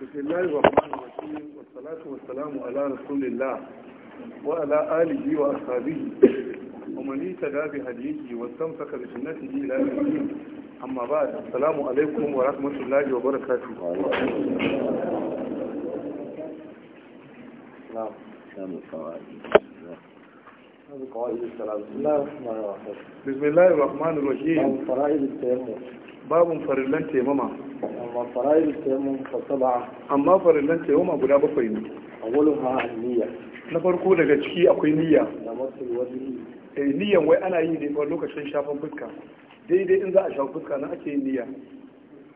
بسم الله الرحمن الرحيم والصلاة والسلام على رسول الله وعلى آله وأصحابه ومن اهتدى بهديه واستمسك بسنته إلى الدين أما بعد السلام عليكم ورحمة الله وبركاته نعم نعم القواعد هذه قواعد السلام بسم الله الرحمن الرحيم bismillahir rahmanir rahim fara'id tayammum babun farillan tayammuma amma fara'id tayammum fa sab'a amma farillan tayammuma guda bakwai ne a awwaluha niyya na farko daga ciki akwai niyya eh niyyan wai ana yi ne ba lokacin shafan fuska daidai in za a shafa fuska na ake yin niyya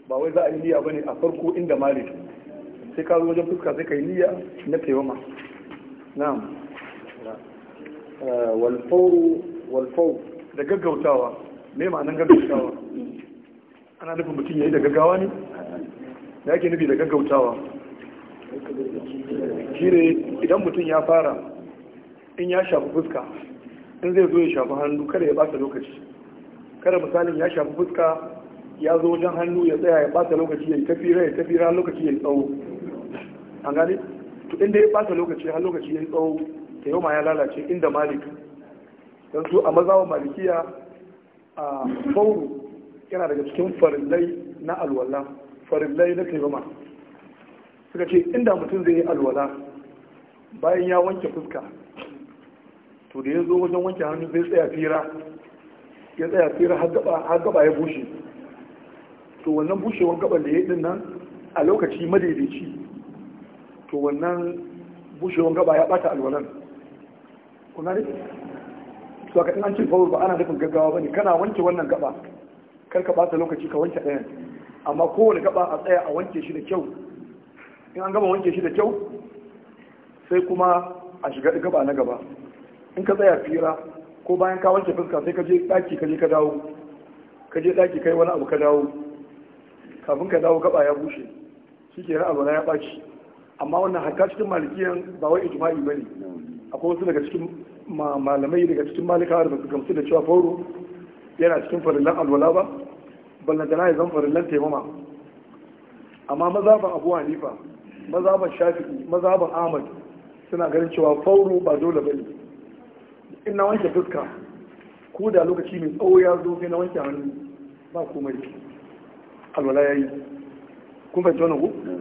ba wai za a yi niyya bane a farko inda malik sai ka zo wajen fuska sai ka yi niyya na taimama. na'am والفور eh, والفور da gaggautawa me ma'anin gaggautawa ana nufin mutum ya yi da gaggawa ne da ake nufi da gaggautawa shi ne idan mutum ya fara in ya shafi fuska in zai zo ya shafi hannu kada ya bata lokaci kada misalin ya shafi fuska ya zo wajen hannu ya tsaya ya bata lokaci ya yi tafira ya tafira lokaci ya yi tsawo an gane to inda ya bata lokaci har lokaci ya yi tsawo ta yau ma ya lalace inda malik don su a mazawa malikiya a fauru yana daga cikin farillai na alwala farillai na taimama suka ce inda mutum zai yi alwala bayan ya wanke fuska to da ya zo wajen wanke hannu zai tsaya fira ya tsaya fira har gaba ya bushe to wannan bushewan gaban da ya yi nan a lokaci madaidaici to wannan bushewan gaba ya bata alwalan kuna ne to ka an cin fawar ba ana nufin gaggawa bane kana wanke wannan gaba kar ka bata lokaci ka wanke ɗayan amma kowane gaba a tsaya a wanke shi da kyau in an gama wanke shi da kyau sai kuma a shiga gaba na gaba in ka tsaya fira ko bayan ka wanke fuska sai ka je ɗaki ka je ka dawo ka je ɗaki kai wani abu ka dawo kafin ka dawo gaba ya bushe shi ke ra'abu na ya ɓaci amma wannan harka cikin malikiyan ba wai ijma'i ba ne akwai wasu daga cikin malamai daga cikin malika da su gamsu da cewa fauru yana cikin farillan alwala ba ballantana ya zan farillan taimama amma mazaban abu hanifa mazaban shafi'i mazaban ahmad suna ganin cewa fauru ba dole ba ne In na wanke fuska ko da lokaci mai tsawo ya zo sai na wanke hannu ba komai alwala ya yi kun fahimci wannan ku mm.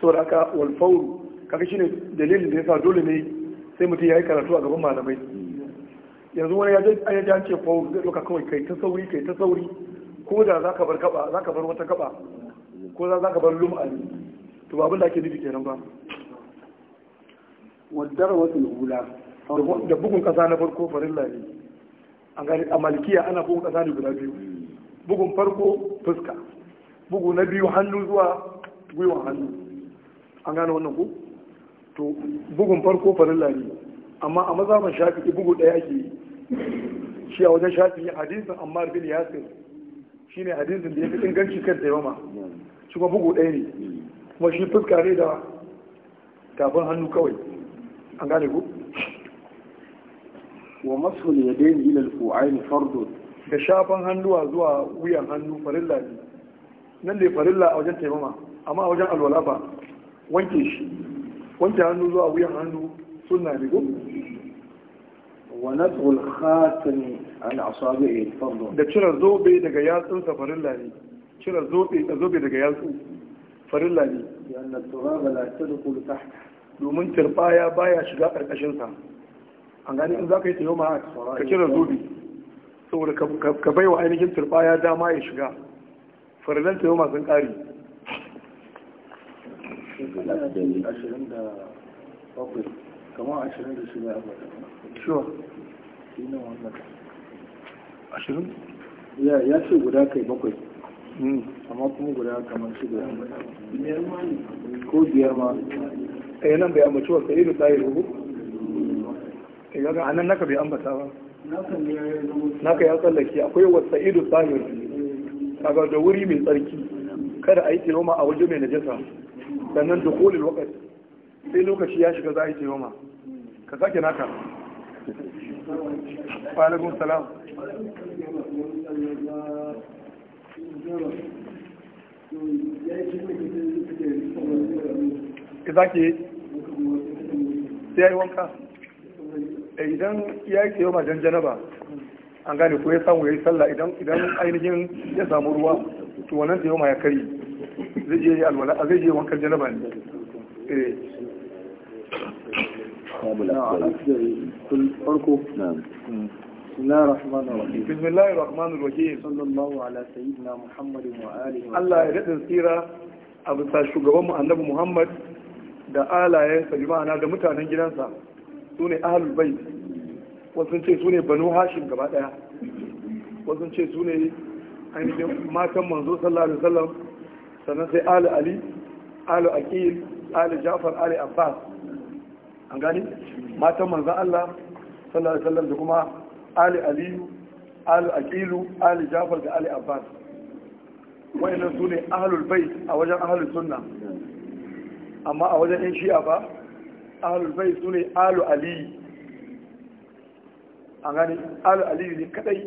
saboda haka wal fauru kaga shine dalilin da ya sa dole ne sai mutum ya yi karatu a gaban malamai yanzu wani ya je ya jance ko zai ɗauka kawai kai ta sauri kai ta sauri ko da za ka bar kaba za ka bar wata kaba ko za ka bar lum'a ne to ba abin da ake nufi kenan ba wadar wasu ula da bugun kasa na farko farin ne a malikiya ana bugun kasa ne guda biyu bugun farko fuska bugu na biyu hannu zuwa gwiwan hannu an gane wannan ku to bugun farko farilla ne amma a shafi shafi'i bugu ɗaya ake yi shi a wajen shafi'i hadisin ammar bin yasir ne hadisin da ya fi inganci kan taimama shi kuma bugu ɗaya ne kuma shi fuska ne da tafin hannu kawai an gane ku wa masu ne ya daina ilal fu'ain fardo da shafan hannuwa zuwa wuyan hannu farilla ne nan da farilla a wajen taimama amma a wajen alwala ba wanke shi wanke hannu zuwa wuyan hannu suna rigo wani wa nasul a an da cire zobe daga yatsun safarin lani cire zobe da zobe daga yatsu farin lani yana turaba la tadkhul kulta domin turbaya baya shiga karkashin sa an gani in za ka yi tayo ma ka cire zobe saboda ka baiwa ainihin turbaya dama ya shiga farin tayo ma sun kare ashirin da bakwai kamar ashirin da shi ne ya ce guda kai bakwai amma kuma guda kamar shida ko biyar ma eh nan bai ambaci wasu ilu tsayi rubu eh ga anan naka bai ambata ba naka ya tsallake akwai wasu ilu tsayi kaga da wuri mai tsarki kada a yi a waje mai najasa sannan da kolin wakati sai lokaci ya shiga za a yi taimama ka sake naka falagun salam ka sake sai ya yi wanka eh, idan ya yi taimama don janaba an gane ko ya samu ya yi sallah idan ainihin ya samu ruwa to wannan taimama ya karye zai je yi alwala a zai je wankan janaba ne بسم الله الرحمن الرحيم صلى الله على سيدنا محمد وآله الله يرد سيرة أبو تاشو قوام النبي محمد da alayensa bi ma'ana da mutanen gidansa su ne ahalul bai wasu ce su ne banu hashim gaba daya wasu ce su ne ainihin matan manzo sannan sai ali ali ali aqil ali jafar ali abbas an gani matan manzan Allah sallallahu alaihi wasallam da kuma ali aliyu ali aqilu ali jafar da ali abbas wayannan su ne ahlul bait a wajen ahlus sunna amma a wajen yan shi'a ba ahlul bait su ne alu ali an gani alu ali ne kadai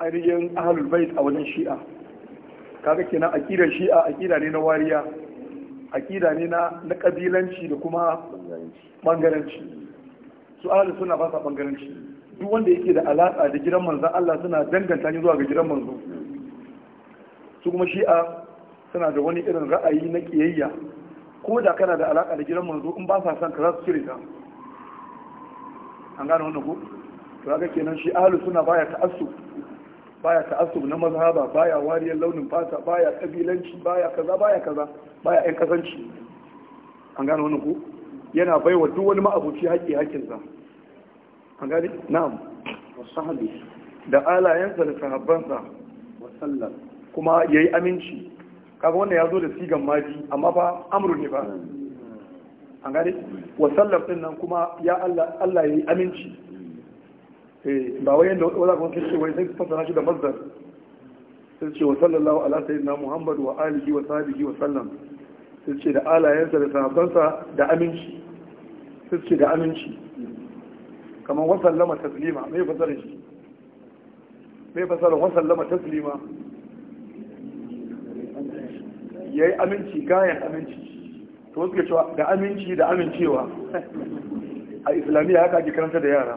ainihin ahlul bait a wajen shi'a kaga kenan akidar shi'a akida ne na wariya akida ne na na kabilanci da kuma bangaranci su ala suna ba sa bangaranci duk wanda yake da alaka da gidan manzon Allah suna danganta ni zuwa ga gidan manzo su kuma shi'a suna da wani irin ra'ayi na kiyayya ko da kana da alaka da gidan manzo in ba sa son ka za su cire ka an gane wannan ko to kaga kenan shi ahli suna baya ta'assub baya ta'assub na mazhaba baya wariyar launin fata baya kabilanci baya kaza baya kaza baya ƴan kasanci an gano wani ku yana baiwa duk wani ma'abuci haƙƙi haƙƙinsa an gane na'am wasahabi da alayensa da sahabbansa wasallam kuma yayi aminci kaga wannan ya zo da sigan maji amma fa amru ne ba an gane wasallam din nan kuma ya Allah Allah yayi aminci Eh, ba wai yadda wani kuma kirki wai sai fasara shi da mazdar sai ce wa sallallahu ala sayyidina muhammad wa alihi wa sahbihi wa sallam sai ce da alayensa da sahabbansa da aminci sai ce da aminci kamar wa sallama taslima me fasara shi me fasara wa sallama taslima yayi aminci gayan aminci to suke cewa da aminci da amincewa a islamiyya haka ake karanta da yara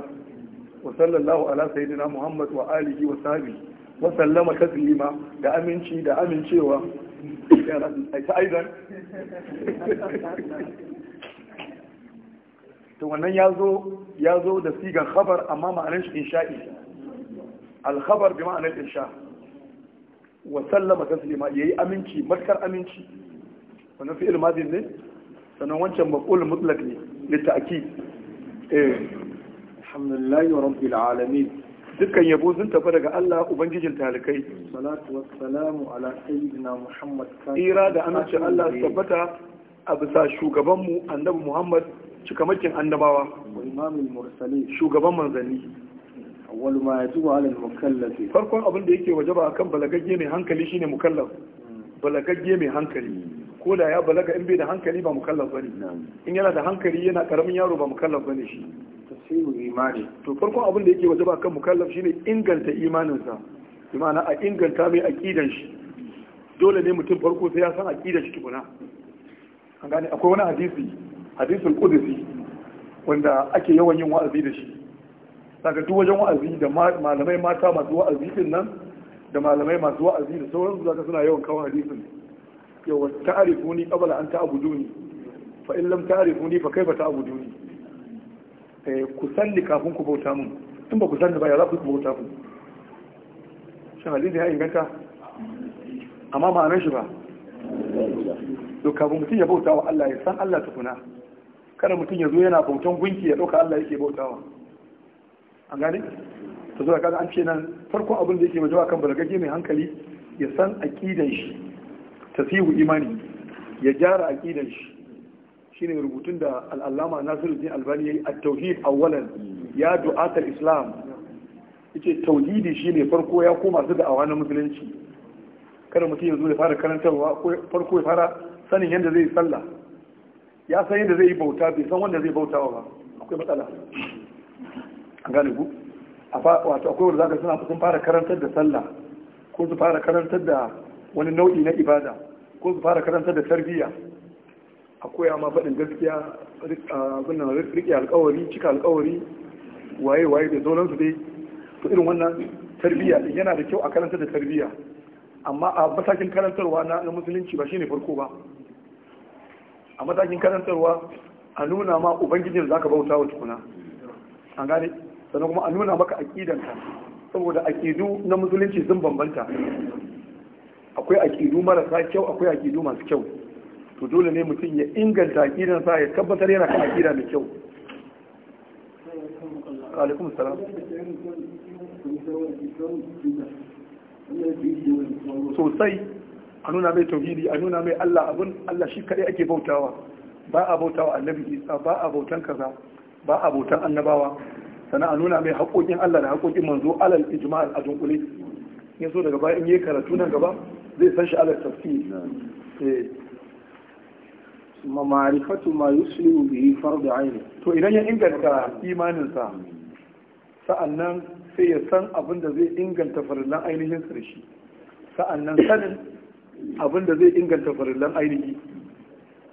wa sallallahu ala sayyidina muhammad wa alihi wa sahbihi wa sallama taslima da aminci da amincewa ta aizan wannan ya zo da sigan khabar amma ma'anar shi insha'i al-khabar bi ma'anar insha wa sallama taslima yayi aminci matkar aminci wannan fi'il madin ne sannan wancan maqul mutlaq ne litta'kid eh alhamdulillahi rabbil alamin dukkan yabo sun tafi daga Allah ubangijin talikai salatu wassalamu ala sayyidina muhammad ira da amincin Allah tabbata a bisa shugaban mu annabi muhammad cikamakin annabawa imamul mursalin shugaban manzanni awwal ma yajibu ala al-mukallafi farkon abin da yake wajaba akan balagagge mai hankali shine mukallaf balagagge mai hankali ko da ya balaga in bai da hankali ba mukallaf bane in yana da hankali yana karamin yaro ba mukallaf bane shi tasiru imani to farkon abin da yake wajaba kan mukallaf shine inganta imaninsa bi ma'ana a inganta mai aqidan shi dole ne mutum farko sai ya san aqidan shi tukuna an gane akwai wani hadisi hadisul qudsi wanda ake yawan yin wa'azi da shi daga duk wajen wa'azi da malamai mata masu wa'azi din nan da malamai masu wa'azi da sauransu zaka suna yawan kawo hadisin yawa ta'arifuni qabla an ta'buduni fa in lam ta'rifuni fa kaifa ta'buduni Eh, ku salli kafin ku bauta mun in ba ku salli ba ya za ku bauta ku shin hadisi ya inganta amma ma'anar shi ba to kafin mutum ya bauta wa Allah ya san Allah tukuna kada mutum ya zo yana bautan gunki ya ɗauka Allah yake bautawa an gane ta zuwa kaga an ce nan farko abin da yake majawa kan balagage mai hankali ya san aqidan shi tasihu imani ya gyara aqidan shi shine rubutun da al'allama nasiruddin albani ya yi a tauhid awwalan ya du'atar islam yace tauhidi shine farko ya koma su da awa na musulunci kada mutum yanzu da fara karantarwa farko ya fara sanin yadda zai yi sallah ya san yadda zai yi bauta bai san wanda zai bauta ba akwai matsala an gane ku wato akwai wanda zaka suna sun fara karantar da sallah ko su fara karantar da wani nau'i na ibada ko su fara karantar da tarbiyya a koya ma faɗin gaskiya riƙe alƙawari cika alƙawari waye waye da zonansu dai to irin wannan tarbiyya yana da kyau a karanta da tarbiyya amma a matakin karantarwa na musulunci ba shine farko ba a matakin karantarwa a nuna ma ubangijin da zaka bauta wa tukuna an gane sannan kuma a nuna maka aqidanka saboda ƙidu na musulunci sun bambanta akwai ƙidu marasa kyau akwai ƙidu masu kyau to dole ne mutum ya inganta aqidan sa ya tabbatar yana kan akida mai kyau alaikum salam sosai a nuna mai tauhidi a nuna mai Allah abun Allah shi kadai ake bautawa ba a bautawa annabi Isa ba a bautan kaza ba a bautan annabawa sannan a nuna mai haƙoƙin Allah da haƙoƙin manzo alal ijma'al a dunkule yanzu daga bayan yi karatu nan gaba zai san shi alal tafsir ma'arifatu ma yuslimu bihi fardu aini to idan ya inganta imaninsa sa'annan sai ya san abin da zai inganta farillan ainihin sa shi sa'annan sanin abin da zai inganta farillan ainihi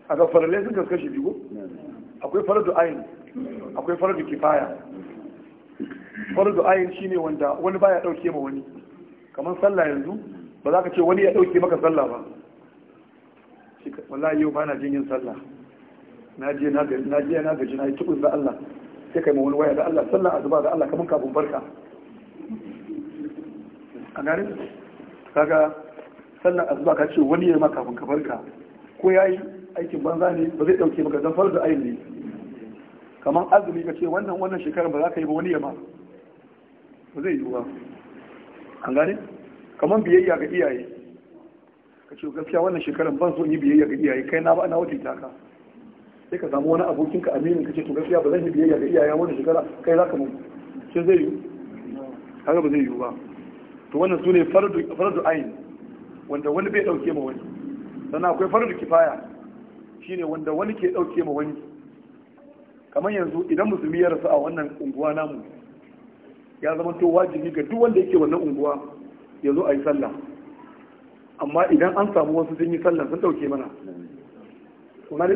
a ga farillai sun kaskashi biyu akwai fardu aini akwai fardu kifaya fardu shi shine wanda wani baya dauke ma wani kamar sallah yanzu ba za ka ce wani ya dauke maka sallah ba wallahi yau ba na jin yin sallah na je na ga na yi da Allah sai kai wani waya da Allah sallah azuba da Allah kaman kafin barka a gane kaga sallah azuba ka ce wani ya maka kafin ka barka ko ya yi aikin banza ne ba zai dauke maka zafar da ayin ne kamar azumi ka ce wannan wannan shekarar ba za ka yi ba wani ya ma ba zai yi ba an gane kamar biyayya ga iyaye ka ce gaskiya wannan shekaran ban so yi biyayya ga iyaye kai na ba na wata taka sai ka samu wani abokin ka aminin ka ce to gaskiya ba zan yi biyayya ga iyaye wannan shekara kai za ka mun sai zai yi haka ba zai yi ba to wannan su ne fardu ayin wanda wani bai dauke ma wani sannan akwai fardu kifaya shine wanda wani ke dauke ma wani kamar yanzu idan musulmi ya rasu a wannan unguwa namu ya zama to wajibi ga duk wanda yake wannan unguwa ya zo a yi sallah amma idan an samu wasu sun yi sallan sun dauke mana kuma ne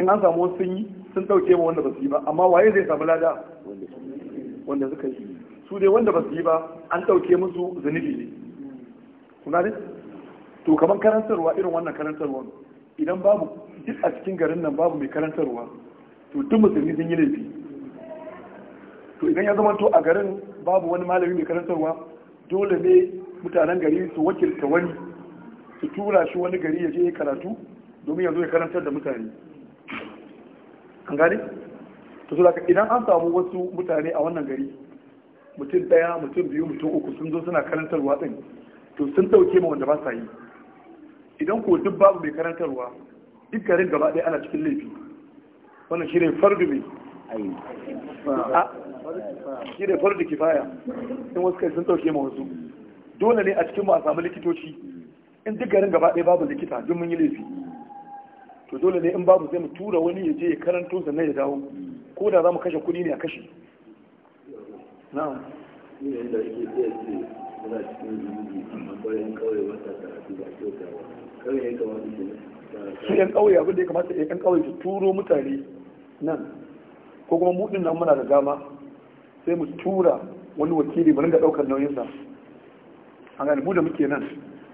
in an samu wasu sun yi sun dauke ma wanda ba su yi ba amma waye zai samu lada wanda suka yi su dai wanda ba su yi ba an dauke musu zunubi ne kuma ne to kamar karantarwa irin wannan karantarwa idan babu duk a cikin garin nan babu mai karantarwa to duk musulmi sun yi laifi to idan ya zama to a garin babu wani malami mai karantarwa dole ne mutanen gari su wakilta wani su tura shi wani gari ya je ya karatu domin ya zo ya karantar da mutane an gane ta su daga idan an samu wasu mutane a wannan gari mutum daya mutum biyu mutum uku sun zo suna karantarwa din to sun dauke ma wanda ba sa yi idan ko duk babu mai karantarwa duk garin gaba ɗaya ana cikin laifi wannan shi ne fardu mai shi ne fardu kifaya in wasu kai sun dauke ma wasu dole ne a cikin ma a samu likitoci in duk garin gaba ɗaya babu likita duk mun yi laifi to dole ne in babu zai mu tura wani ya je ya karanto sannan ya dawo ko da za mu kashe kuɗi ne a kashe na'am suna cikin zunubi kawai kawai ya kamata su su yan kauye abin da ya kamata yan kauye su turo mutane nan ko kuma mu nan muna da dama sai mu tura wani wakili mu ringa ɗaukar nauyinsa an gani mu da muke nan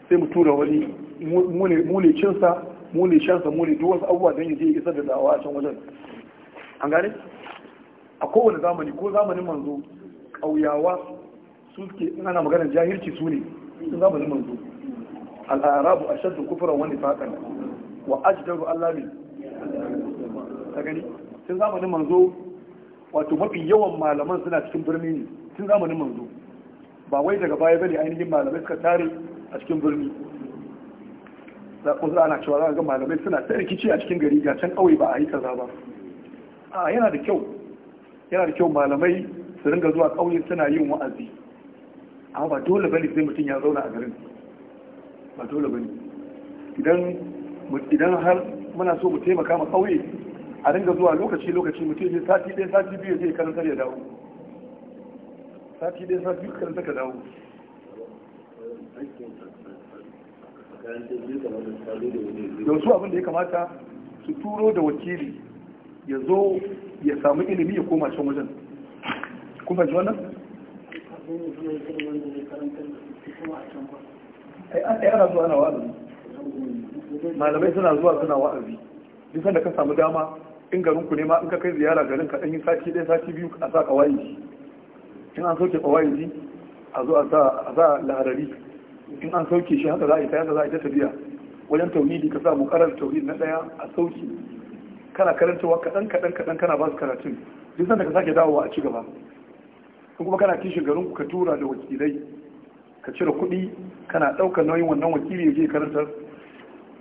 sai mu tura wani mule cinsa mu shansa mule duk wasu abubuwa don ya je isar da dawa a can wajen an gane a kowane zamani ko zamanin manzo ƙauyawa su ke in ana maganar jahilci su ne sun zamanin manzo al'arabu a shaddu kufuran wani faƙan wa ajdaru allah ne ta gani sun zamanin manzo wato mafi yawan malaman suna cikin birni ne sun zamanin manzo ba wai daga baya bane ainihin malamai suka tare a cikin birni wasu ana cewa za ga malamai suna ta rikici a cikin gari ga can ƙauye ba a yi kaza ba a yana da kyau yana da kyau malamai su ringa zuwa ƙauye suna yin wa'azi amma ba dole bane sai mutum ya zauna a garin ba dole bane idan idan har muna so mu taimaka ma ƙauye a ringa zuwa lokaci lokaci mutum ya sati ɗaya sati biyu zai karanta ya dawo sati ɗaya sati biyu karanta ka dawo su abin da ya kamata su turo da wakili ya zo ya samu ilimi ya koma can wajen kuma ji wannan? ai ana zuwa ana wa'azi malamai suna zuwa suna wa'azi duk da ka samu dama in garin ku ne ma in ka kai ziyara garin ka yi sati ɗaya sati biyu a sa kawai in an soke kawai a zo a sa laharari in an sauke shi haka za a yi tayar da za a yi ta tafiya wajen tauhidi ka sa mu karar tauhidi na daya a sauki kana karantawa kaɗan kaɗan kaɗan kana ba su karatun duk sanda ka sake dawowa a ci gaba in kuma kana kishin garin ka tura da wakilai ka cire kuɗi kana ɗaukar nauyin wannan wakili ya je karantar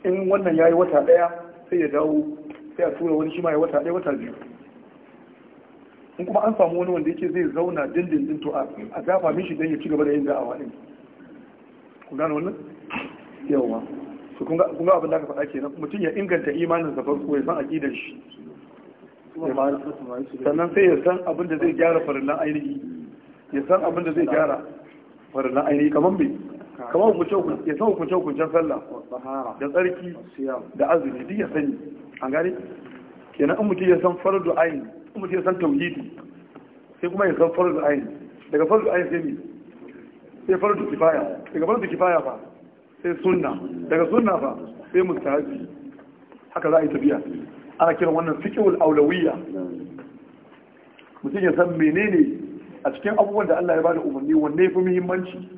in wannan ya yi wata ɗaya sai ya dawo sai a tura wani shi ma ya wata ɗaya wata biyu in kuma an samu wani wanda yake zai zauna dindindin to a dafa mishi don ya ci gaba da yin da'awa ɗin kun gano wannan yawa su kun ga abin da aka faɗa kenan mutum ya inganta imanin sa farko ya san aqidar shi sannan sai ya san abin da zai gyara farillan ainihi ya san abin da zai gyara farillan ainihi kamar me kamar ya san hukunce hukuncen sallah da tsarki da azumi duk ya sani an gane kenan in mutum ya san fardu ayin in mutum ya san tauhidi sai kuma ya san fardu ayin daga fardu ayin sai me sai fardu kifaya daga fardu kifaya ba sai sunna daga sunna ba sai mustahabi haka za a yi tafiya ana kiran wannan fiqhul aulawiyya mutum ya san menene a cikin abubuwan da Allah ya bada umarni wanne yafi muhimmanci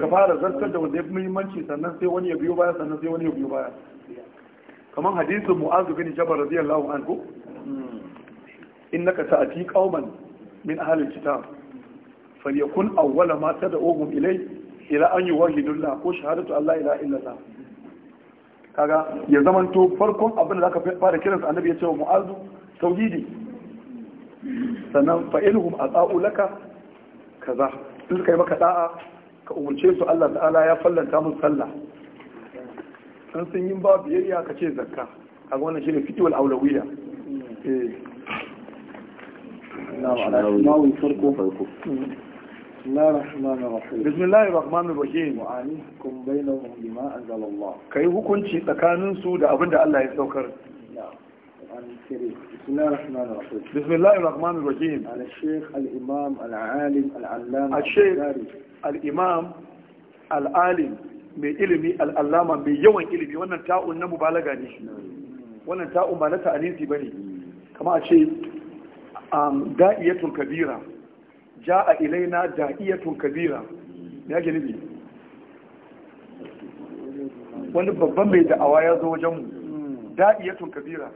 ka fara zartar da wanda yafi muhimmanci sannan sai wani ya biyo baya sannan sai wani ya biyo baya kamar hadisin mu'azu bin jabal radiyallahu anhu innaka ta'ati qauman min ahli kitab falyakun awwala ma tad'uhum ilai, ila an yuwahhidullah ko shahadatu Allah ila illa. kaga ya zamanto farkon abin da zaka fara kiransa annabi ya ce wa mu'azu tauhidi sannan fa'iluhum ata'u laka kaza in kai maka da'a ka umurce su Allah ta'ala ya fallanta mun sallah in sun yin ba biyayya ka ce zakka a wannan shine fitwal aulawiyya eh na farko farko بسم الله الرحمن الرحيم بسم الله الرحمن الرحيم وعليكم بينهم بما أنزل الله كي hukunci tsakanin su da abin da Allah ya saukar بسم الله الرحمن الرحيم بسم الله الرحمن الرحيم على الشيخ الإمام العالم العلامة الشيخ الإمام العالم mai ilimi al'allama mai yawan ilimi wannan ta'un na mubalaga ne wannan ta'un ba na ta'anisi ba ne kama a ce da'iyatul kabira ja'a ilaina da'iyatun kabira ya ke nufi wani babban mai da'awa ya zo wajen mu da'iyatun kabira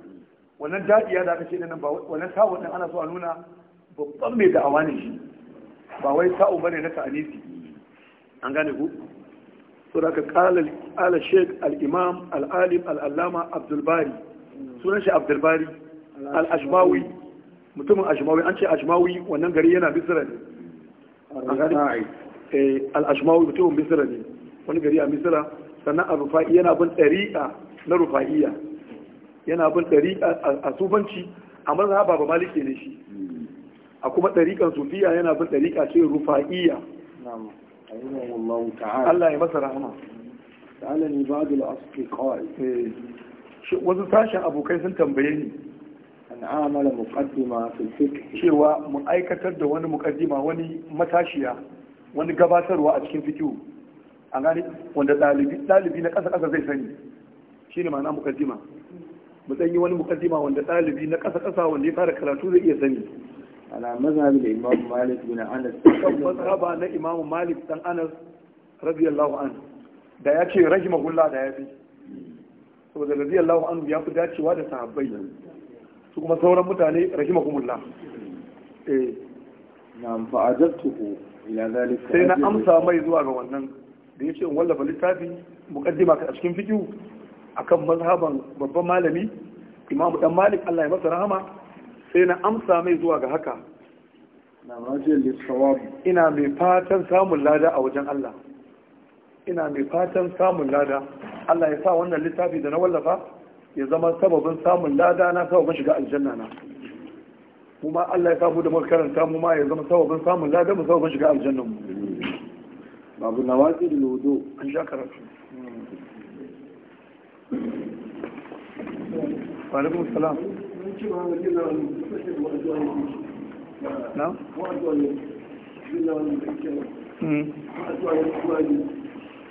wannan da'iya da aka ce nan ba wannan sa'o din ana so a nuna babban mai da'awa ne shi ba wai sa'o bane na ta'anisi an gane ku so da ka kala sheik al-imam al-alim al-allama abdul bari sunan shi abdul bari al-ashmawi mutumin ashmawi an ce ashmawi wannan gari yana misira ne eh, al-ashmawi mutumin misira ne wani gari a misira sannan a rufa'i yana bin ɗari'a na rufa'iya yana bin ɗari'a a sufanci a maza ba ba malike ne shi a kuma ɗariƙan sufiya yana bin ɗari'a ce rufa'iya Allah ya masa rahama ta'ala ni ba'dul kawai eh, wasu sashen abokai sun tambaye ni ta'amala muqaddima fil fiqh cewa mu aikatar da wani muqaddima wani matashiya wani gabatarwa a cikin fiqh an gani wanda dalibi dalibi na kasa kasa zai sani shine ma'ana muqaddima mu danyi wani muqaddima wanda dalibi na kasa kasa wanda ya fara karatu zai iya sani ala mazhabi da imam malik bin anas mazhaba na imam malik dan anas radiyallahu anhu da ya ce rahimahullah da ya fi saboda radiyallahu anhu ya fi dacewa da sahabbai su kuma sauran mutane rahima kumulla eh. sai na amsa mai zuwa ga wannan da ya ce in wallafa littafi kaddi ka a cikin a akan mazhaban babban malami imamu dan malik Allah ya masa rahama sai na amsa mai zuwa ga haka na rajin ina mai fatan samun lada a wajen Allah ina mai fatan samun lada Allah ya sa wannan littafi da na wallafa ya zama sababin samun lada na sababin shiga aljanna na kuma Allah ya samu da muka karanta mu ma ya zama sababin samun lada mu sababin shiga aljanna mu babu nawazi da lodo an sha karatu wa alaikum salam na hmm.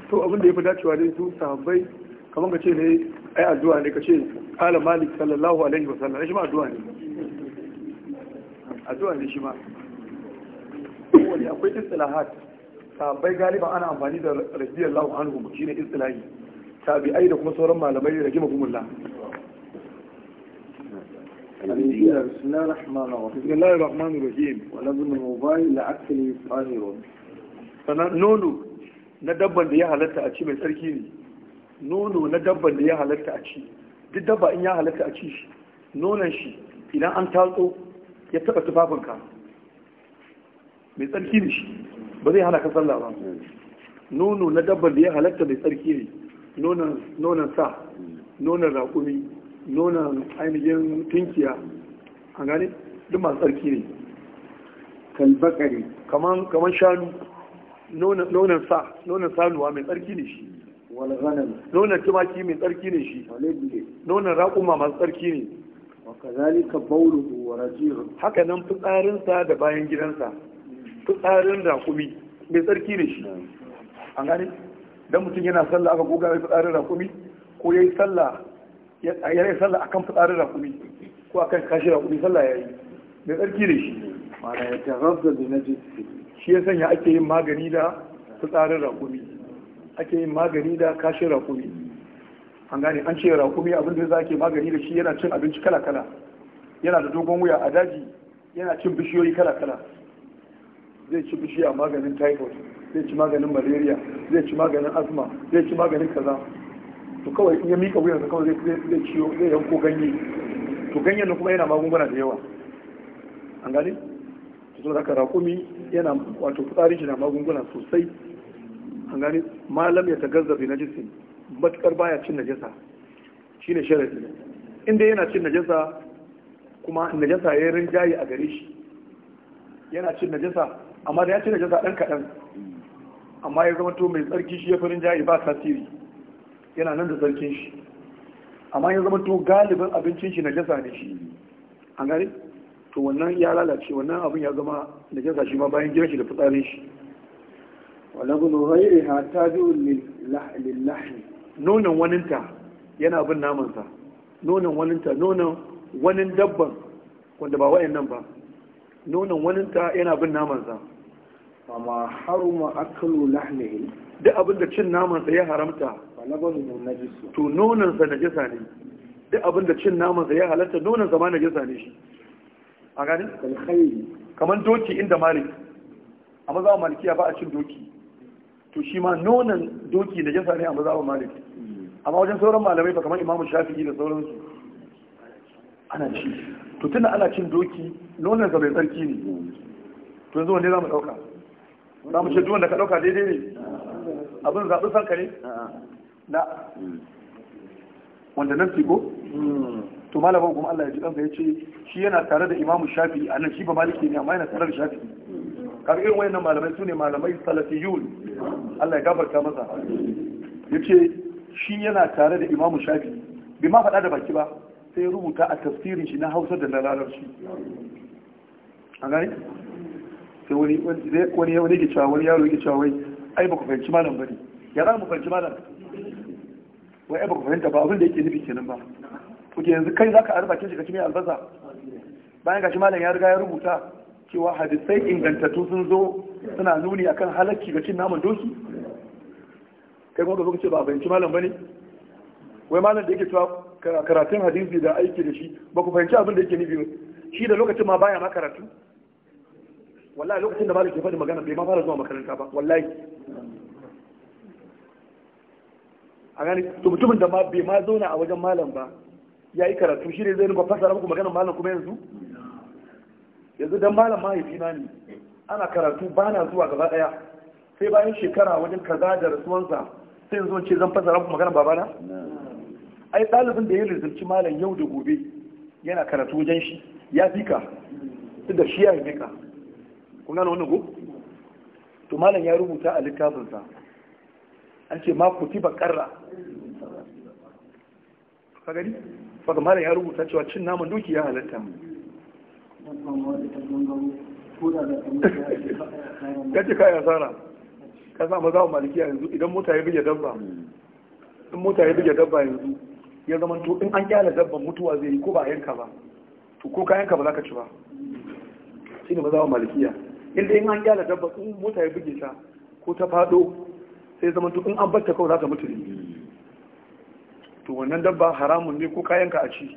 to abin da ya fi dacewa dai su sahabbai kamar ka ce ne ai addu'a ne kace Kala malik sallallahu alaihi wa sallam shi ma addu'a ne addu'a ne shi ma wani akwai istilahat sabai galiba ana amfani da radiyallahu anhu shine istilahi tabi'ai da kuma sauran malamai da بسم الله الرحمن الرحيم بسم الله الرحمن الرحيم ولبن الموبايل لأكل طاهر na dabban da ya halatta a ci mai tsarki ne nono na dabban da ya halatta a ci duk dabba in ya halatta a ci shi nonon shi idan an tatso ya taba tufafinka mai tsarki ne shi ba zai hana ka sallah ba nono na dabban da ya halatta mai tsarki ne nonon sa nonon raƙumi nonon ainihin tunkiya an gane duk masu tsarki ne kalbakari kaman shanu nonon sa nonon sanuwa mai tsarki ne shi nonon tumaki mai tsarki ne shi nonon raƙuma masu tsarki ne wakazalika bauluhu wa da bayan gidansa fitsarin raƙumi mai tsarki ne shi an gane dan mutum yana sallah aka goga mai fitsarin raƙumi ko ya yi sallah akan fitsarin raƙumi ko akan kashi raƙumi sallah yayi mai tsarki ne shi ya sanya ake yin magani da fitsarin raƙumi ake yin magani da kashin rakumi an gane an ce rakumi abin da za ke magani da shi yana cin abinci kala-kala yana da dogon wuya a daji yana cin bishiyoyi kala-kala zai ci bishiya maganin typhoid zai ci maganin malaria zai ci maganin asma zai ci maganin kaza to kawai in ya mika wuyan sa kawai zai ciyo zai yanko ganye to ganyen kuma yana magunguna da yawa an gane to saboda haka rakumi yana wato fitsarin shi na magunguna sosai an gane malam ya tagazza bi najisin matkar baya cin najasa shine sharadi inda yana cin najasa kuma najasa ya rinjaye a gare shi yana cin najasa amma da ya cin najasa dan kadan amma ya zama to mai tsarki shi ya farin jaye ba tasiri yana nan da tsarkin shi amma ya zama to galibin abincin shi najasa ne shi an gane to wannan ya lalace wannan abin ya zama najasa shi ma bayan gidan shi da fitsarin shi walabin rairi ha ta biyu lillahi nonon waninta yana bin namansa nonon waninta nonon wanin dabban wanda ba wayan nan ba nonon waninta yana bin namansa amma haruma akalu lahmihi duk abin da cin namansa ya haramta to nonon na najisa ne duk abin da cin namansa ya halatta sa ma na ne shi a gani kamar doki inda malik a maza malikiya ba a cin doki to shi ma nonon doki da jasa ne a mazhabin malik amma wajen sauran malamai ba kamar imamu shafi'i da sauransu ana ci to tunda ana cin doki nonon sa bai tsarki ne to yanzu wanda za mu ɗauka za mu ce duwan da ka ɗauka daidai ne abin zaɓi sanka ne na wanda nan ko to malaman kuma Allah ya ji ɗansa ya ce shi yana tare da imamu shafi'i a nan shi ba maliki ne amma yana tare da shafi'i kaga irin wayannan malamai su ne malamai salafiyun Allah ya gabarta masa ce shi yana tare da Imamu Shafi bai ma faɗa da baki ba sai rubuta a tafsirin shi na Hausa da shi A gani sai wani wani wani yake cewa wani yaro yake cewa wai ai ba ku fahimci malam ba ne. ya za mu fahimci malam wai ai ba ku fahimta ba abin da yake nufi kenan ba kuke yanzu kai za ka arba kin shiga cikin albasa bayan shi malam ya riga ya rubuta cewa hadisai ingantattu sun zo suna nuni akan halacci ga cin naman doki kai kuma ka zo ka ce ba a fahimci malam ba ne wai malam da yake cewa karatun hadisi da aiki da shi ba ku fahimci abin da yake nufi shi da lokacin ma baya ma karatu wallahi lokacin da malam ke faɗi magana bai ma fara zuwa makaranta ba wallahi a gani mutumin da ma bai ma zauna a wajen malam ba ya yi karatu shi ne zai nufa fasara muku magana malam kuma yanzu yanzu don malam na ne ana karatu ba na zuwa gaba daya sai bayan shekara wajen kaza da rasuwansa sai yanzu ce zan fasa muku magana babana ai ɗalibin da ya rizalci malam yau da gobe yana karatu wajen shi ya fi ka su da shi ya yi ka kun gane wani ko to malam ya rubuta a littafinsa an ce ma kutiba karra ka gani faka malam ya rubuta cewa cin naman doki ya halatta mu ya ce kayan asara ka sa maza maliki a yanzu idan mota ya bige dabba in mota ya bige dabba yanzu ya zama to in an kyala dabban mutuwa zai yi ko ba a yanka ba to ko ka ba za ka ci ba shi ne maza wa ya inda in an kyala dabba in mota ya bige ta ko ta fado sai zama to in an batta kawai za ta mutu ne to wannan dabba haramun ne ko ka a ci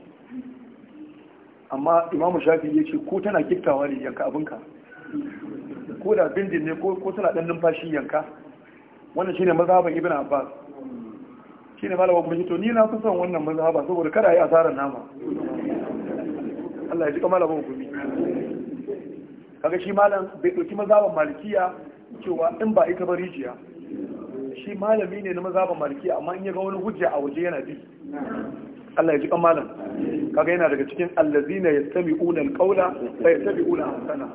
amma imamu shafi ya ce ko tana kiftawa ne yanka abinka ko da bindin ne ko tana ɗan numfashi yanka wannan shine mazhaban ibn abbas shine malama kuma to ni na fi son wannan mazhaba saboda kada yi asarar nama Allah ya ji kamar malamin kuma kaga shi malam bai ɗauki mazhaban malikiya cewa in ba ita ba rijiya shi malami ne na mazhaban malikiya amma in ya ga wani hujja a waje yana bi Allah ya ji kamalan kaga yana daga cikin allazina yastami'una alqawla fa yattabi'una ahsana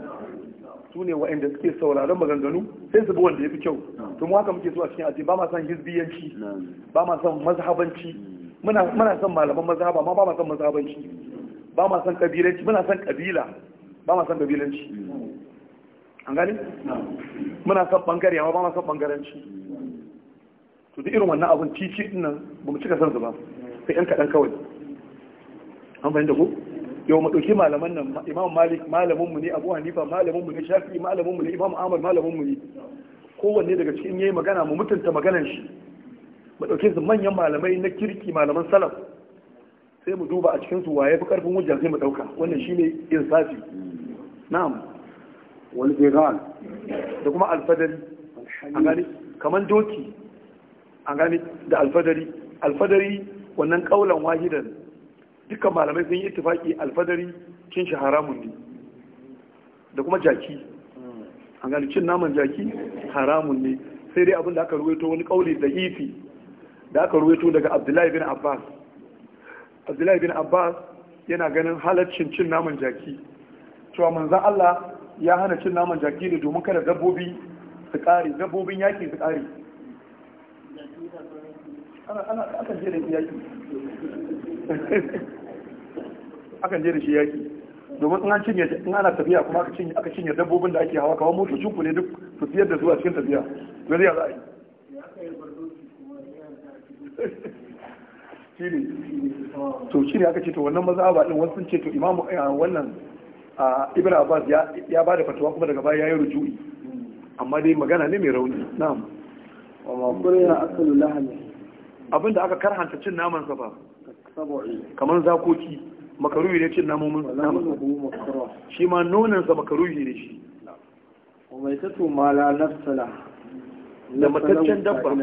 su ne inda suke sauraron maganganu sai su bi wanda yafi kyau to mu haka muke so a cikin addini ba ma san hizbiyanci ba ma san mazhabanci muna muna san malaman mazhaba amma ba ma san mazhabanci ba ma san kabilanci muna san kabila ba ma san kabilanci an gani muna san bangare amma ba ma san bangaranci to duk irin wannan abun cici din nan ba mu cika san su ba sai ɗan kaɗan kawai an fahimta ku yau maɗauki malaman nan imam malik malamin mu ne abu hanifa malamin mu ne shafi malamin mu ne imam ahmad malamin mu ne kowanne daga cikin yayi magana mu mutunta maganar shi mu ɗauke su manyan malamai na kirki malaman salaf sai mu duba a cikin su waye fi karfin hujja sai mu ɗauka wannan shine insafi na'am wal bighal da kuma alfadari a gani kaman doki a gani da alfadari alfadari wannan kaulan wahidan duka malamai sun yi ittifaki alfadari cin shi haramun ne da kuma jaki an gani cin naman jaki haramun ne sai dai abin da aka ruwaito wani kauli da ifi da aka ruwaito daga abdullahi bin abbas abdullahi bin abbas yana ganin halaccin cin naman jaki cewa manzan allah ya hana cin naman jaki ne domin kada dabbobi su kare dabbobin yaki su kare akan je da shi yaki yaki domin in an cinye in ana tafiya kuma aka cinye aka cinye dabbobin da ake hawa kawai motocin ku ne duk su siyar da zuwa cikin tafiya to zai za a yi shine to shine aka ce to wannan ba din wasu sun ce to imamu eh, wannan ibn abbas ya ba da fatawa kuma daga baya ya yi rujui amma dai magana ne mai rauni na'am wa ma ya aklu lahmi abinda aka karhanta cin naman sa ba kamar zakoki makaruhi ne cin namomin naman shi ma nonan sa makaruhi ne shi mai mala nafsala da mataccen dabba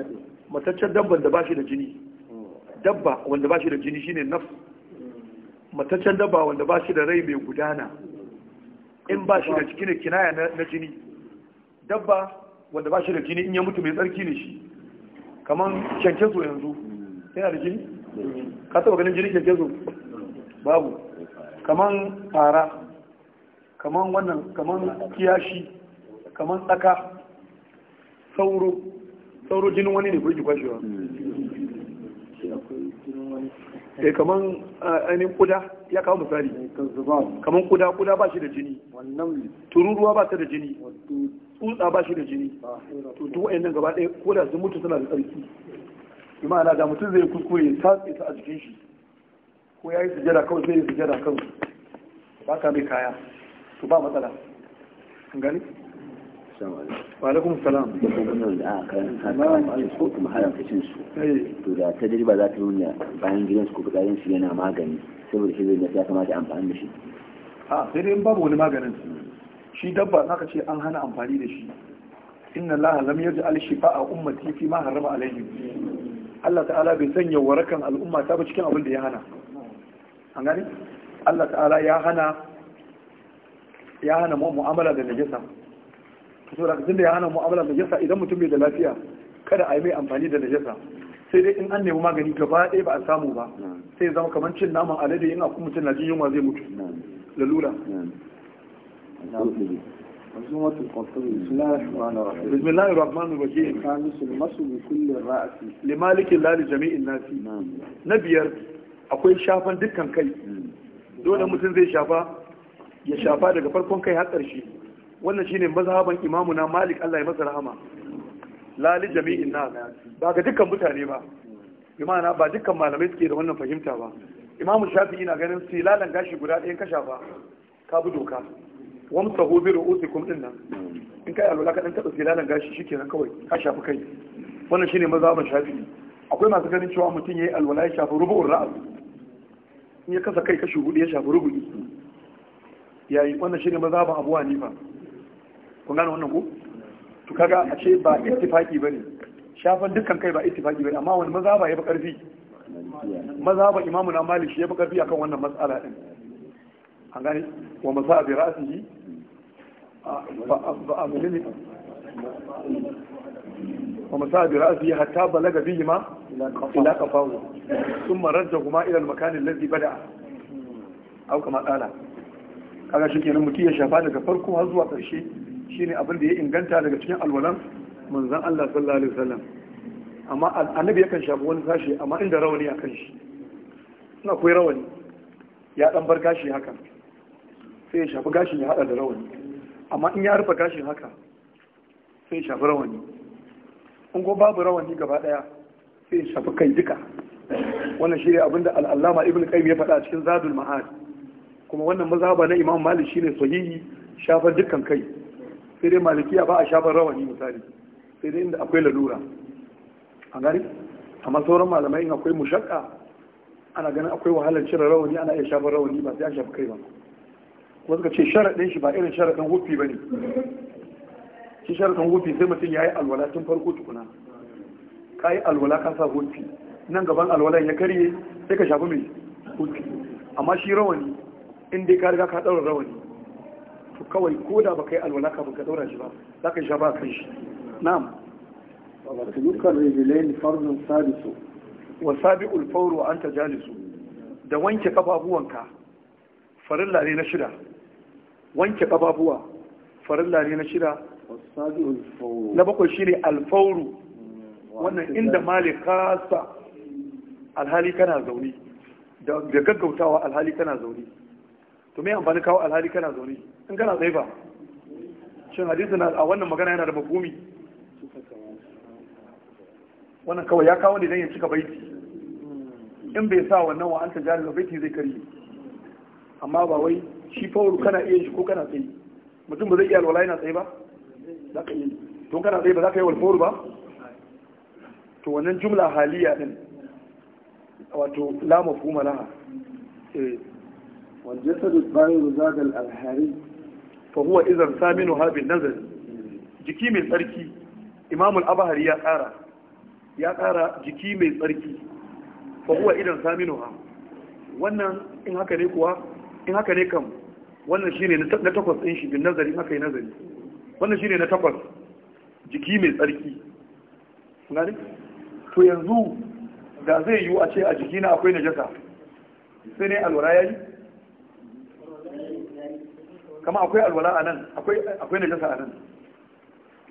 mataccen dabba da bashi da jini hmm. dabba wanda bashi da jini shine nafs hmm. mataccen dabba wanda bashi da rai mai gudana hmm. in bashi da cikin kinaya na jini dabba wanda bashi da jini in ya mutu mai tsarki ne shi kaman kyankyaso yanzu yana da jini ka taba ganin jini kyankyaso babu kaman fara kaman wannan kaman kiyashi kaman tsaka sauro sauro jinin wani ne kurji kwashewa eh kaman eh, ainihin kuda ya kawo misali kaman kuda kuda ba shi da jini tururuwa ba ta da jini tsutsa ba shi da jini to duk wayannan gaba ɗaya ko da sun mutu suna da tsarki imana da mutum zai kuskure ya tatse ta a jikin shi ko ya yi sujada kawai zai yi sujada kawai ba ka mai kaya to ba matsala an gani Walaikum salam. ko kuma haramta cin su. Eh. To da ta tajriba za ta nuna bayan gidansu ko fitsarin su yana magani saboda shi zai ya kamata amfani da shi. A sai dai in babu wani maganin. shi dabba zaka ce an hana amfani da shi inna allaha lam yaj'al shifa'a ummati fi ma harrama alaihim Allah ta'ala bai sanya warakan al'umma ta ba cikin abin da ya hana an gani Allah ta'ala ya hana ya hana mu'amala da najasa so da tunda ya hana mu'amala da najasa idan mutum bai da lafiya kada a yi mai amfani da najasa sai dai in an nemi magani gaba ɗaya ba a samu ba sai zama kamar cin naman alade in akwai mutum na jin yunwa zai mutu lalura منظومة القرطبي بسم الله الرحمن الرحيم بسم الله الرحمن الرحيم لمالك الله لجميع الناس نعم akwai shafan dukkan kai dole mutum zai shafa ya shafa daga farkon kai har ƙarshe wannan shine mazhaban imamuna malik Allah ya masa rahama lali jami'in na ba ga dukkan mutane ba Imana ba dukkan malamai suke da wannan fahimta ba imamu shafi ina ganin silalan gashi guda ɗayan ka shafa ka bi doka wamsa hobi da osi kum nan in kai alwala ka dan taɓa filanan gashi shikenan kawai ka shafi kai wannan shine mazhaban shafi akwai masu ganin cewa mutum yayi alwala ya shafi rubu'ur ra'as in ya kasa kai kashi hudu ya shafi rubu'i yayi wannan shine abuwa Abu Hanifa kun gane wannan ko to kaga a ce ba ittifaki bane shafan dukkan kai ba ittifaki bane amma wani ba ya fi karfi ba Imamu na Malik ya fi karfi akan wannan mas'ala din an gani wa masa a bira su yi ba a mulini wa masa a bira su yi hatta balaga bihi ma ila kafawo sun mararta kuma ilal makanin lardi bada au kama tsala kaga shi kenan mutum ya shafa daga farko har zuwa ƙarshe shine abin da ya inganta daga cikin alwalan manzan Allah sallallahu alaihi wasallam amma annabi yakan shafi wani sashi amma inda rawani a kan shi suna koyi rawani ya dan bar gashi haka sai ya shafi gashin ya hada da rawani amma in ya rufe gashin haka sai ya shafi rawani in ko babu rawani gaba daya sai ya shafi kai duka wannan shi ne abinda al'allama ibn qayyim ya faɗa a cikin zadul ma'ad kuma wannan mazhaba na imam malik shine sahihi shafar dukkan kai sai dai malikiya ba a shafar rawani misali sai dai inda akwai lalura a gani amma sauran malamai in akwai mushakka ana ganin akwai wahalar cire rawani ana iya shafar rawani ba sai an shafi kai ba wasu ka ce sharaɗin shi ba irin sharaɗin hufi ba ne shi sharaɗin hufi sai mutum ya yi alwala tun farko tukuna ka yi alwala ka sa hufi nan gaban alwalan ya karye sai ka shafi mai hufi amma shi rawani in dai ka riga ka ɗaura rawani to kawai ko da ba ka yi alwala ka ka ɗaura shi ba za ka sha ba kan shi na'am dukkan rijilain farzun sabisu wa sabi'ul fawru anta jalisu da wanke kafafuwanka farilla ne na shida wanke ƙababuwa farilla ne na shida na bakwai shi ne alfauru wannan inda mali kasa alhali kana zaune da gaggautawa alhali kana zaune to mai amfani kawo alhali kana zaune in kana zai ba shin hadisi na a wannan magana yana da mafumi wannan kawai ya kawo ne don ya cika baiti in bai sa wannan wa an ta jari baiti zai karye amma ba wai shi fawar kana iya shi ko kana tsaye mutum ba zai iya alwala yana tsaye ba za ka iya to kana tsaye ba za ka yi walfawaru ba to wannan jumla haliya din wato la mafhuma laha eh wal jasadu bayru zada al alhari fa huwa idan saminu ha bin nazar jiki mai tsarki imam al abahari ya kara ya kara jiki mai tsarki fa huwa idan saminu ha wannan in haka ne kuwa in haka ne kam wannan shine na takwas ɗin shi bin nazari haka yi nazari wannan shine na takwas jiki mai tsarki gani to yanzu da zai yiwu a ce a jiki na akwai najasa sai ne alwala yi kama akwai alwala a nan akwai najasa a nan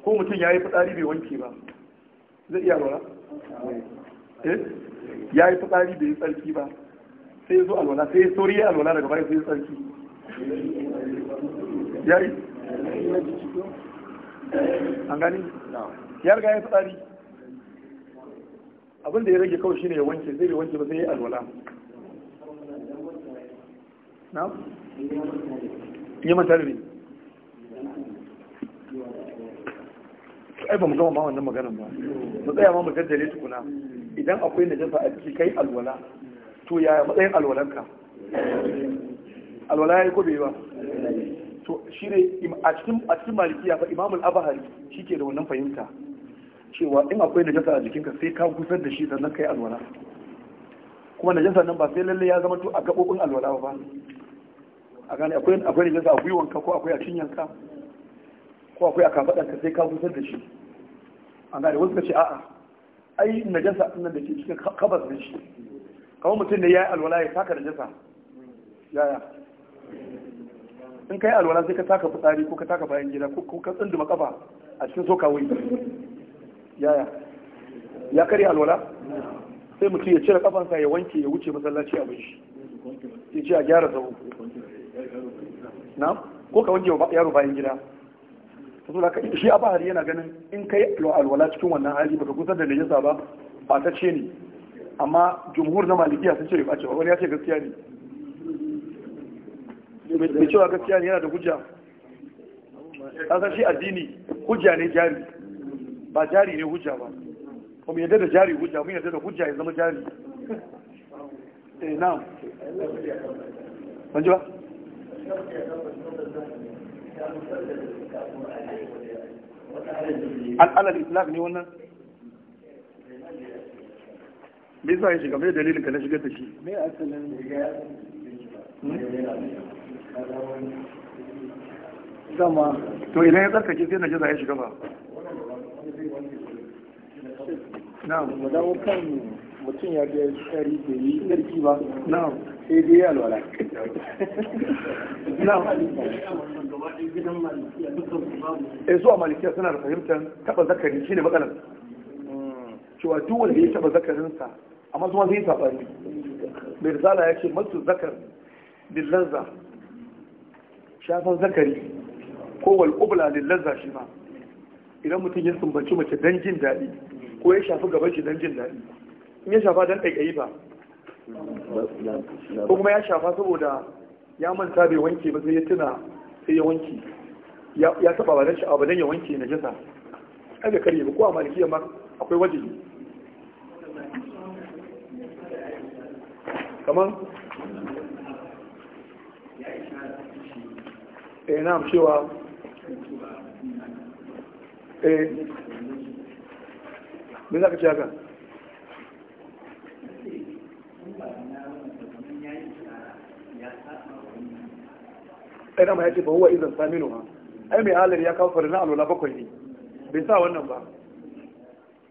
ko mutum ya yi fitsari bai wanke ba zai iya alwala eh ya yi fitsari bai tsarki ba sai zo alwala sai ya sauri ya alwala daga baya sai Ya tsarki yayi an gani ya riga ya tsari abin da ya rage kawai shine ya wanke zai wanke ba sai ya alwala na yi manta da ne ai ba mu gama ba wannan maganar ba mu tsaya ma mu daddare tukuna idan akwai najasa a ciki kai alwala to yaya matsayin alwalanka alwala ya yi ko bai ba to shi ne a cikin malikiya fa imamul abahari shi ke da wannan fahimta cewa in akwai najasa a jikinka sai ka gusar da shi sannan kai alwala kuma najasa nan ba sai lalle ya zama to a gabobin alwala ba a gane akwai akwai najasa a gwiwanka ko akwai a cinyanka ko akwai a kafadanka sai ka gusar da shi an gane wasu ka ce a'a ai najasa nan da ke cikin kabas da shi kawai mutum ne ya yi alwala ya taka da jasa yaya in ka yi alwala sai ka taka fitsari ko ka taka bayan gida ko ka tsinduma kafa a cikin sokawai yaya ya karya alwala sai mutum ya cire kafansa ya wanke ya wuce masallaci a shi ya ce a gyara zaho na ko ka wanke yaro bayan gida shi a bahari yana ganin in ka yi alwala cikin wannan hali baka kusa da najasa ba ba ta ce ne amma jumhur na malikiya sun ce bai ɓaci wani ya ce gaskiya ne mai cewa gaskiya ne yana da hujja san shi addini hujja ne jari ba jari ne hujja ba ba mu yadda da jari hujja mu yadda da hujja ya zama jari eh na'am ban ji ba al'alar islam ne wannan me yasa ya shiga me dalilin ka na shigar da shi me asalin dama to idan ya tsarkake sai na jaza ya shiga ba na'am mu dawo kan mutum ya ga tsari da yi tsarki ba na'am sai dai ya alwala na'am eh a malikiya suna da fahimtar taba zakari shine matsalar cewa duk wanda ya taba zakarinsa amma kuma zai ne mai rizala ya ce masu zakar lillanza shafan zakari ko wal ubla lillanza shi ma idan mutum ya sumbanci mace don jin daɗi ko ya shafi gaban shi don jin daɗi in ya shafa don ƙaiƙayi ba ko kuma ya shafa saboda ya manta bai wanke ba sai ya tuna sai ya wanke ya taɓa ba don sha'awa ba dan ya wanke na jasa ƙarfe kare ba ko a maliki ya akwai wajibi kamar eh na cewa e me za ka ce haka ɗaya eh, ma ya ce ba huwa izan saminu ha ai mai halar ya kawo farina alwala bakwai ne bai sa wannan ba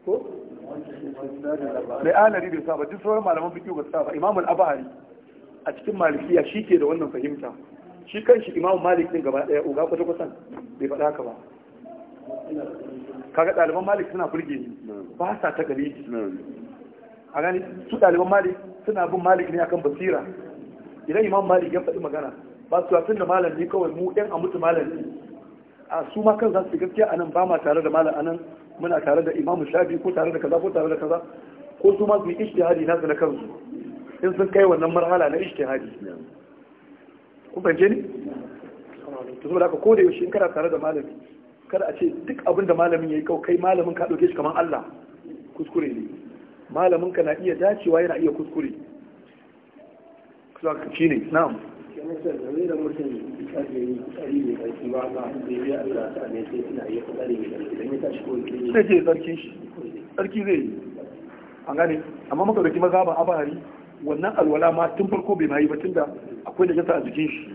ko mai anari bai saba duk sauran malaman fiqh ba saba imamul abahari a cikin malikiya shi ke da wannan fahimta shi kanshi imamu malik din gaba daya uga kwata kwatan bai faɗa haka ba kaga ɗaliban malik suna burge ni ba sa ta gari a gani su ɗaliban malik suna bin malik ne akan basira idan imam malik ya faɗi magana ba su tun da malam ne kawai mu ɗan a mutu malam ne a su ma kan za su gaskiya anan ba ma tare da malam anan muna tare da imamu shafi ko tare da kaza ko tare da kaza ko su ma su yi ishtihadi nasu na kansu in sun kai wannan marhala na ishtihadi kun fahimce ni to saboda haka ko da yaushe in kana tare da malami kada a ce duk abin da malamin yayi kau kai malamin ka dauke shi kamar Allah kuskure ne malamin ka na iya dacewa yana iya kuskure kuma shine na'am mutum da zira mutum ƙarfe ne ƙari ne ƙarfi ba ba da ya yi Allah ta ne sai suna iya don ya tashi sai ke shi zai yi an gane amma maza ba abari wannan alwala ma tun farko bai ma yi ba tunda akwai najasa a jikin shi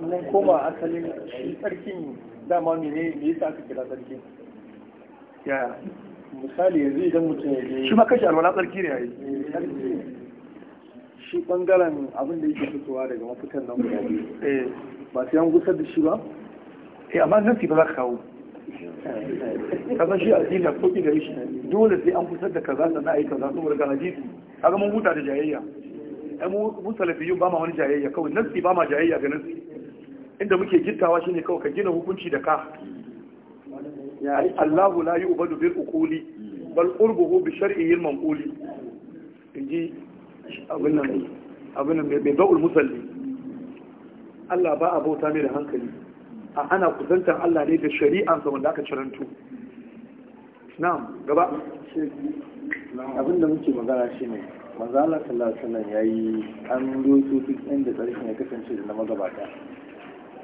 mun koma asalin shi tsarkin dama ne me yasa aka kira tsarki ya misali yanzu idan mutum ya je shi ma kashi alwala tsarki ne yi eh, shi bangaren abin da yake fitowa daga mafitan nan guda biyu eh. ba su yan gusar da shi ba eh amma nasi ba za ka kawo kasan shi addini ko ki gari shi dole sai an gusar da kaza sannan ayi kaza saboda ga hadisi kaga mun huta da jayayya ai mu mu salafiyun ba ma wani jayayya kawai nasi ba ma jayayya ga nasi inda muke gittawa shine kawai ka gina hukunci da ka Allahu la yu'badu bil uquli bal qurbuhu bi shar'i al manquli inji abin nan abin nan mai ba'ul musalli Allah ba a bauta mai da hankali a ana kusantar Allah ne da shari'ansa da aka cirantu na'am gaba abin da muke magana shi ne mazala sallallahu ya yi an roto duk inda tsarshin ya kasance da na magabata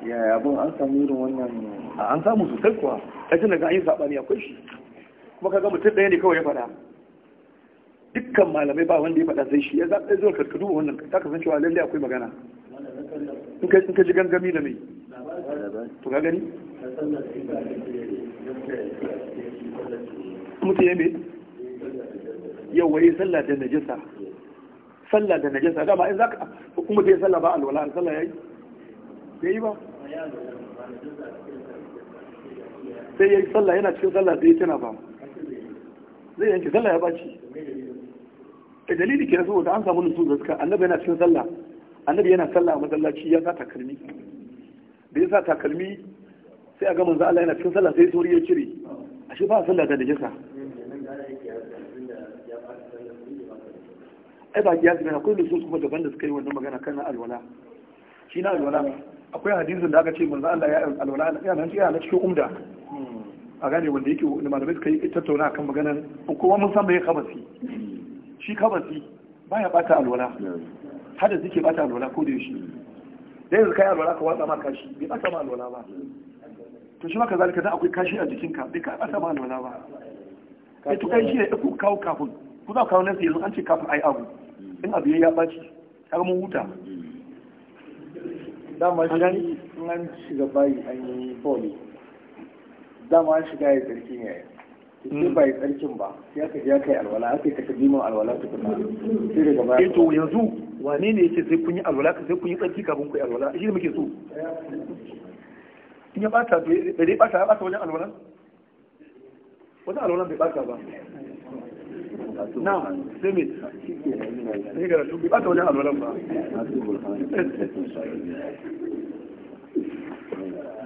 ya abin an samu irin wannan an samu sosai kuwa kaji daga an yi sabani akwai shi kuma kaga mutum ɗaya ne kawai ya faɗa dukkan malamai ba wanda ya faɗa sai shi ya zaɓe zuwa karkatu wannan ta kasan cewa lallai akwai magana in ka ji gangami da mai to ka gani mutu ya mai yau waye sallah da najasa sallah da najasa dama in zaka kuma da ya sallah ba alwala sallah yayi bai yi ba sai ya yi sallah yana cikin sallah sai tana ba zai yanki sallah ya baci da dalili zuwa saboda an samu da gaskiya annabi yana cikin sallah annabi yana sallah a masallaci ya sa takalmi da ya sa takalmi sai a ga Allah yana cikin sallah sai sauri ya cire ashe ba sallah da najasa ai ba kiyasi ne akwai nusus kuma daban da suka yi wannan magana kan alwala shi na alwala akwai hadisin da aka ce manzo Allah ya alwala yana nan yana na cikin umda a gane wanda yake malamai suka yi tattauna kan maganar kuma mun san me ya kabasi shi ba ya bata alwala hada ke bata alwala ko da shi dai yanzu kai alwala ka watsa ma kashi bai bata ma alwala ba to shi maka zalika dan akwai kashi a jikinka bai ka bata ma alwala ba kai eh, to kai shi ne ku kawo kafin ku za ku kawo nasi yanzu an ce kafin ai abu in abu ya baci kaga mun huta dama shi an shiga bayi an yi foli dama shiga ya tsarki ne sai bai tsarkin ba sai aka je aka yi alwala ka yi alwala sai eh to yanzu wane ne sai kun yi alwala sai kun yi tsarki kafin ku yi alwala shi ne muke so in ya bata bai bata wajen alwala wajen alwala bai bata ba sai me sai ga su bai bata wajen alwala ba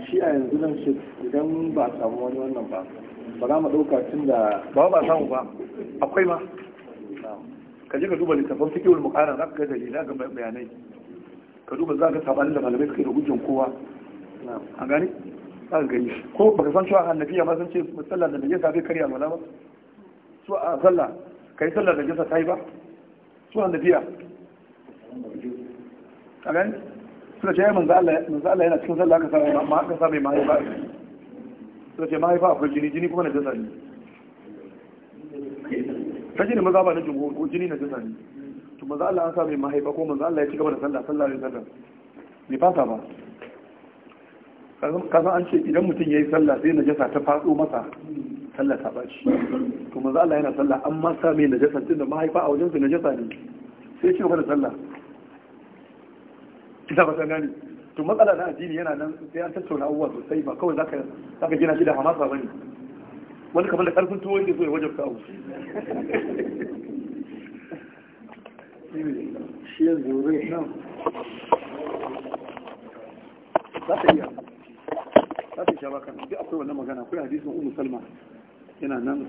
shi a yanzu nan shi idan ba samu wani wannan ba ba za mu ɗauka tun da ba ba samu ba akwai ma ka je ka duba littafin fikiyar mukara za ka kai dalilai ga bayanai ka duba za ka sabanin da malamai suke da hujjan kowa an gani za ka gani ko baka san cewa hannafiya ma san ce sallah da najasa zai karya mana ba su a sallah kai sallah da najasa ta yi ba su hannafiya a gani suna ce manzo Allah yana cikin sallah ka sa mai ma ba suka ce mahaifa akwai jini jini kuma na jasa ne ta jini maza ba na jin ko jini na jasa ne to maza Allah an sa mai mahaifa ko maza Allah ya ci gaba da sallah sallah ne sallah bai fasa ba kasan an ce idan mutum ya yi sallah sai na jasa ta faɗo masa sallah ta ɓaci to maza Allah yana sallah an ma sa mai najasa tun da mahaifa a wajen su najasa ne sai ci gaba da sallah ita ba gani to matsala na addini yana nan sai an tattauna abubuwa sosai ba kawai zaka zaka gina gida da hamasa bane wani kamar da karfin tuwo yake so ya wajabta abu shi ya zure nan za ta iya za ta sha baka duk akwai wannan magana akwai hadisin ummu salma yana nan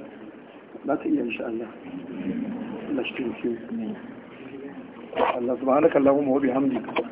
za ta iya insha Allah Allah shi tunki Allah subhanaka Allahumma wa bihamdihi